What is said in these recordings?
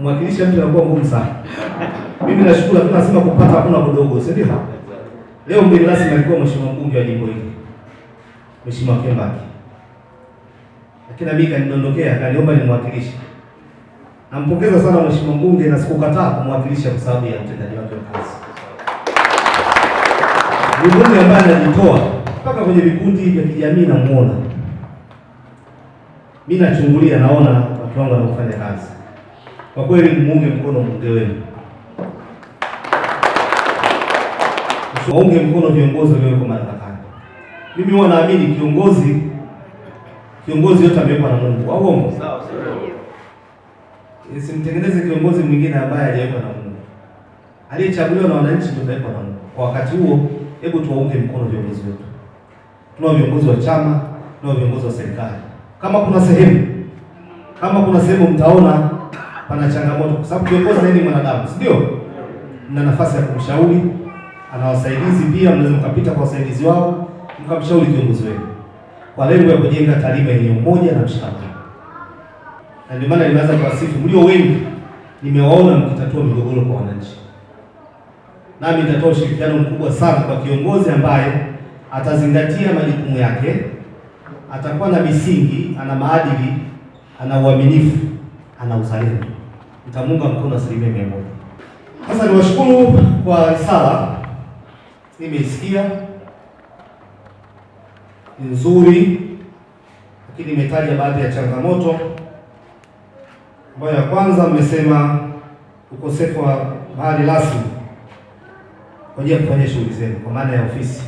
kumwakilisha mtu anakuwa ngumu sana. Mimi nashukuru lakini nasema kupata hakuna kudogo, si ndio? Leo mgeni rasmi alikuwa mheshimiwa mbunge wa jimbo hili. Mheshimiwa Kembaki. Lakini mimi kanidondokea, kaniomba nimwakilishe. Nampongeza sana mheshimiwa mbunge na sikukataa kumwakilisha kwa sababu ya utendaji wake wa kazi. Ni mbunge ambaye anajitoa mpaka kwenye vikundi vya kijamii namuona. Mimi nachungulia naona watu wangu wanaofanya kazi. Kwa kweli muunge mkono mbunge wenu, waunge mkono viongozi walioko madarakani. Mimi huwa naamini kiongozi kiongozi yote amewekwa na Mungu, au Sawa sawa, simtengeneze kiongozi mwingine ambaye hajawekwa na Mungu. Aliyechaguliwa na wananchi ndio kawekwa na Mungu. Kwa wakati huo, hebu tuwaunge mkono viongozi wetu. Tunao viongozi wa chama, tunao viongozi wa serikali. Kama kuna sehemu kama kuna sehemu mtaona pana changamoto, kwa sababu kiongozi naye ni mwanadamu, si ndio? Mna nafasi ya kumshauri, ana wasaidizi pia, mnaweza mkapita kwa wasaidizi wao mkamshauri kiongozi wenu kwa lengo ya kujenga taalima yenye umoja na mshikamano. Na ndio maana nimeanza sifu, mlio wengi, nimewaona mkitatua migogoro kwa wananchi, nami nitatoa ushirikiano mkubwa sana kwa kiongozi ambaye atazingatia majukumu yake, atakuwa na misingi, ana maadili, ana uaminifu ana uzalendo, nitamuunga mkono asilimia mia moja. Sasa niwashukuru kwa risala, nimeisikia ni nzuri, lakini imetaja baadhi ya changamoto ambayo ya kwanza mmesema ukosefu wa mahali rasmi kwa ajili ya kufanya shughuli zenu kwa maana ya ofisi,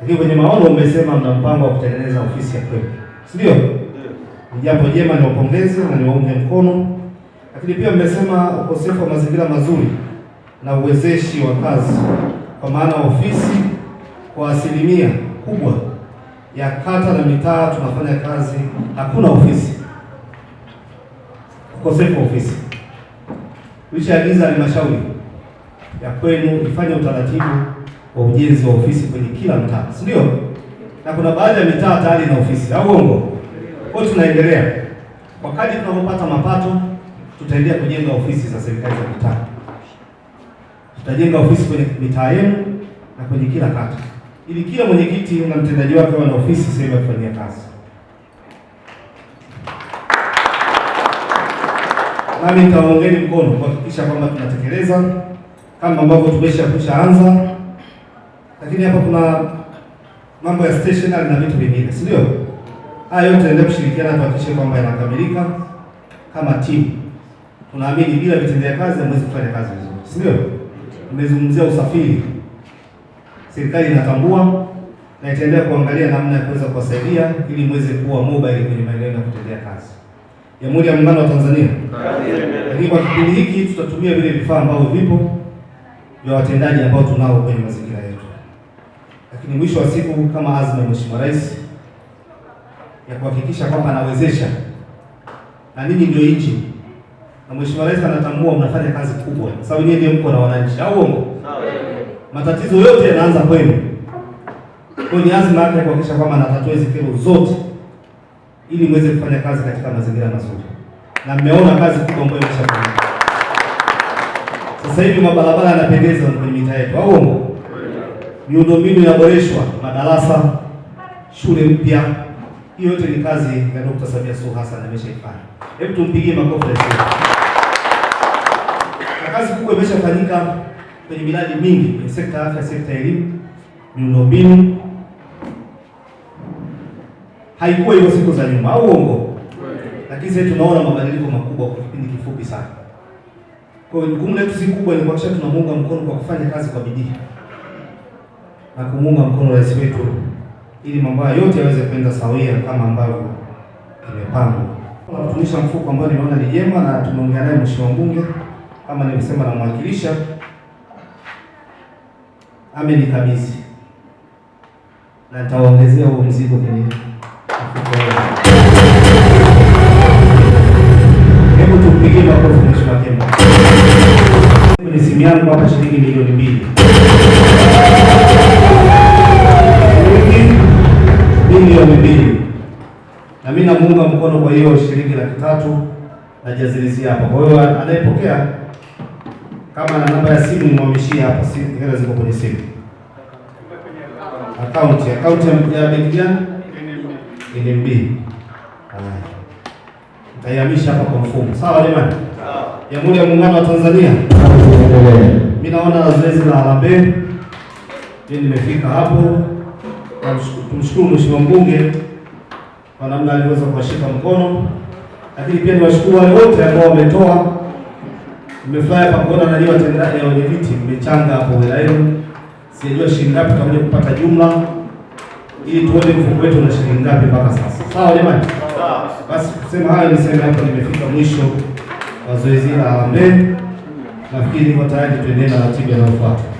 lakini kwenye maono mmesema mna mpango wa kutengeneza ofisi ya kweli, si ndio? Jambo jema ni wapongezi na niwaunge mkono, lakini pia mmesema ukosefu wa mazingira mazuri na uwezeshi wa kazi, kwa maana ofisi kwa asilimia kubwa ya kata na mitaa tunafanya kazi, hakuna ofisi, ukosefu wa ofisi. Tulishaagiza halmashauri ya kwenu ifanye utaratibu wa ujenzi wa ofisi kwenye kila mtaa, si ndio? Na kuna baadhi ya mitaa tayari ina ofisi, au uongo? Kwa hiyo tunaendelea, wakati tunapopata mapato, tutaendelea kujenga ofisi za serikali za mitaa. Tutajenga ofisi kwenye mitaa yenu na kwenye kila kata, ili kila mwenyekiti na mtendaji wake wana ofisi sehemu ya kufanyia kazi. Nami nitawaongeni mkono kuhakikisha kwamba tunatekeleza kama ambavyo tumeshakusha anza, lakini hapa kuna mambo ya stationery na vitu vingine, si ndio? Haya yote tuendelee kushirikiana tuhakikishe kwamba yanakamilika kama timu. Tunaamini bila vitendea kazi hamwezi kufanya kazi vizuri, si ndio? Nimezungumzia usafiri, serikali inatambua na itaendelea kuangalia namna ya kuweza kuwasaidia ili mweze kuwa mobile kwenye maeneo ya kutendea kazi Jamhuri ya Muungano wa Tanzania. Lakini kwa kipindi hiki tutatumia vile vifaa ambavyo vipo vya watendaji ambao tunao kwenye mazingira yetu, lakini mwisho wa siku kama azma ya Mheshimiwa Rais ya kuhakikisha kwamba anawezesha na nini ndio hichi na Mheshimiwa Rais anatambua mnafanya kazi kubwa, sababu yeye ndiye mko na wananchi, au uongo? Matatizo yote yanaanza kwenu, kwa ni azima yake kuhakikisha kwamba anatatua hizo kero zote, ili mweze kufanya kazi katika mazingira mazuri, na mmeona kazi kubwa ambayo imeshafanyika. Sasa hivi mabarabara yanapendeza kwenye mitaa yetu, au uongo? Miundombinu inaboreshwa, madarasa, shule mpya hiyo yote ni kazi ya Dkt. Samia Suluhu Hassan ameshaifanya. Hebu tumpigie makofi leo. Na kazi kubwa imeshafanyika kwenye miradi mingi kwenye sekta ya afya, sekta ya elimu, miundombinu. Haikuwa hiyo siku za nyuma, au uongo? Lakini sasa tunaona mabadiliko makubwa kwa kipindi kifupi sana. Kwa hiyo jukumu letu si kubwa, ni kuhakikisha tunamuunga mkono kwa kufanya kazi kwa bidii na kumuunga mkono rais wetu ili mambo haya yote yaweze kwenda sawia kama ambavyo imepangwa. Kutumisha mfuko ambao nimeona ni jema, na tumeongea naye mheshimiwa mbunge, kama nilivyosema, namwakilisha amenikabidhi na nitawaongezea huo mzigo kwenye mfuko. Hebu tumpigie makofi mheshimiwa Kemba. simu yangu hapa shilingi milioni mbili. mi namuunga mkono. Kwa hiyo shilingi laki tatu najazilizia hapa. Kwa hiyo anayepokea kama na namba ya simu nimwamishie hapa, hela ziko kwenye simu. Akaunti akaunti ya benki gani? NMB. Nitahamisha hapa kwa mfumo. Sawa jamani, Jamhuri ya Muungano wa Tanzania. Mi naona zoezi la harambee, nimefika hapo. Tumshukuru mheshimiwa mbunge kwa namna aliweza kuwashika mkono, lakini pia niwashukuru wale wote ambao wametoa. Mmefurahi pakuona nani watendaji wenye viti mmechanga hapo hela yenu, sijajua shilingi ngapi tutakuja kupata jumla, ili tuone mfuko wetu na shilingi ngapi mpaka sasa. Sawa jamani, basi kusema hayo niseme hapo nimefika mwisho wa zoezi la Harambee. Nafikiri kwa tayari tuendelee na ratiba inayofuata.